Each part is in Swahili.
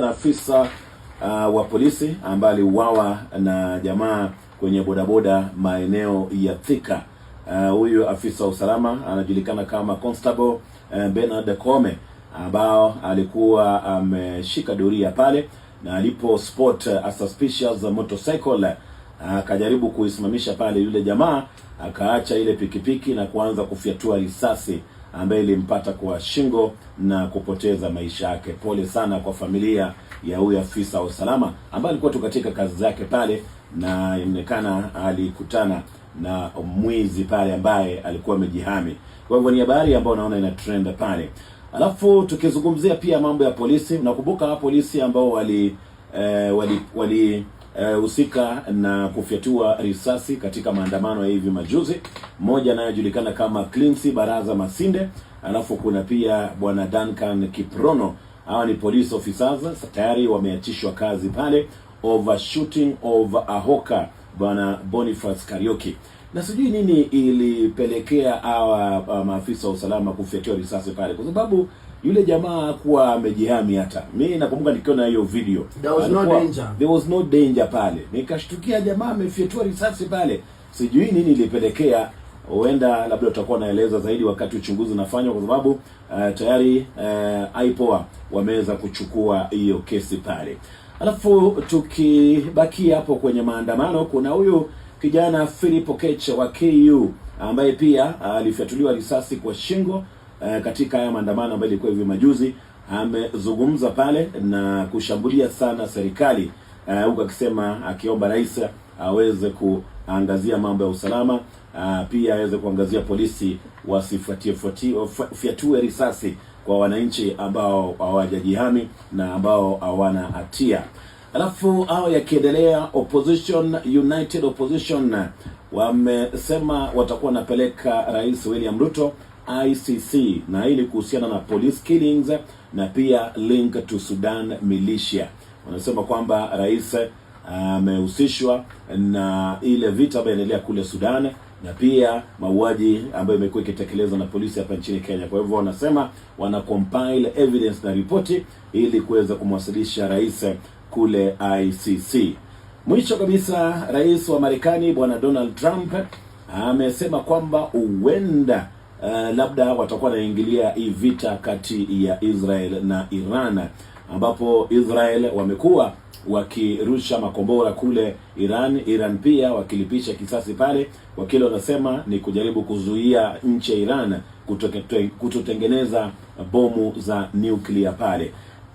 na afisa uh, wa polisi ambaye aliuawa na jamaa kwenye bodaboda maeneo ya Thika. Uh, huyu uh, afisa wa usalama anajulikana kama Constable uh, Bernard Kome ambao alikuwa ameshika um, doria pale na alipo spot a uh, suspicious motorcycle akajaribu kuisimamisha pale, yule jamaa akaacha ile pikipiki na kuanza kufyatua risasi ambaye ilimpata kwa shingo na kupoteza maisha yake. Pole sana kwa familia ya huyu afisa wa usalama ambaye alikuwa tu katika kazi zake pale, na inaonekana alikutana na mwizi pale ambaye alikuwa amejihami. Kwa hivyo ni habari ambayo naona ina trend pale. Alafu tukizungumzia pia mambo ya polisi, nakumbuka polisi ambao wali eh, wali, wali Eh, husika uh, na kufyatua risasi katika maandamano ya hivi majuzi, mmoja anayojulikana kama Clincy Baraza Masinde, alafu kuna pia bwana Duncan Kiprono. Hawa ni police officers tayari wameachishwa kazi pale overshooting of ahoka bwana Boniface Karioki na sijui nini ilipelekea hawa uh, maafisa wa usalama kufyatua risasi pale, kwa sababu yule jamaa kuwa amejihami. Hata mi nakumbuka nikiona hiyo video there was no danger, there was no danger pale, nikashtukia jamaa amefyatua risasi pale. Sijui nini ilipelekea huenda labda utakuwa naeleza zaidi wakati uchunguzi unafanywa, kwa sababu uh, tayari uh, IPOA wameweza kuchukua hiyo kesi pale. Alafu tukibakia hapo kwenye maandamano, kuna huyu kijana Philip Okeche wa KU ambaye pia ah, alifyatuliwa risasi kwa shingo uh, katika haya maandamano ambayo ilikuwa hivi majuzi, amezungumza pale na kushambulia sana serikali eh, huku uh, akisema akiomba rais aweze kuangazia mambo ya usalama uh, pia aweze kuangazia polisi wasifuatie fyatue risasi kwa wananchi ambao hawajajihami na ambao hawana hatia. Alafu hao yakiendelea, opposition united opposition wamesema watakuwa wanapeleka Rais William Ruto ICC na hili kuhusiana na police killings na pia link to Sudan militia. Wanasema kwamba rais ah, amehusishwa na ile vita ambayo inaendelea kule Sudan na pia mauaji ambayo imekuwa ikitekelezwa na polisi hapa nchini Kenya. Kwa hivyo wanasema wana compile evidence na ripoti ili kuweza kumwasilisha rais kule ICC. Mwisho kabisa, rais wa Marekani bwana Donald Trump amesema kwamba huenda uh, labda watakuwa wanaingilia hii vita kati ya Israel na Iran, ambapo Israel wamekuwa wakirusha makombora kule Iran, Iran pia wakilipisha kisasi pale, kwa kile wanasema ni kujaribu kuzuia nchi ya Iran kutotengeneza bomu za nuclear pale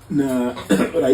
na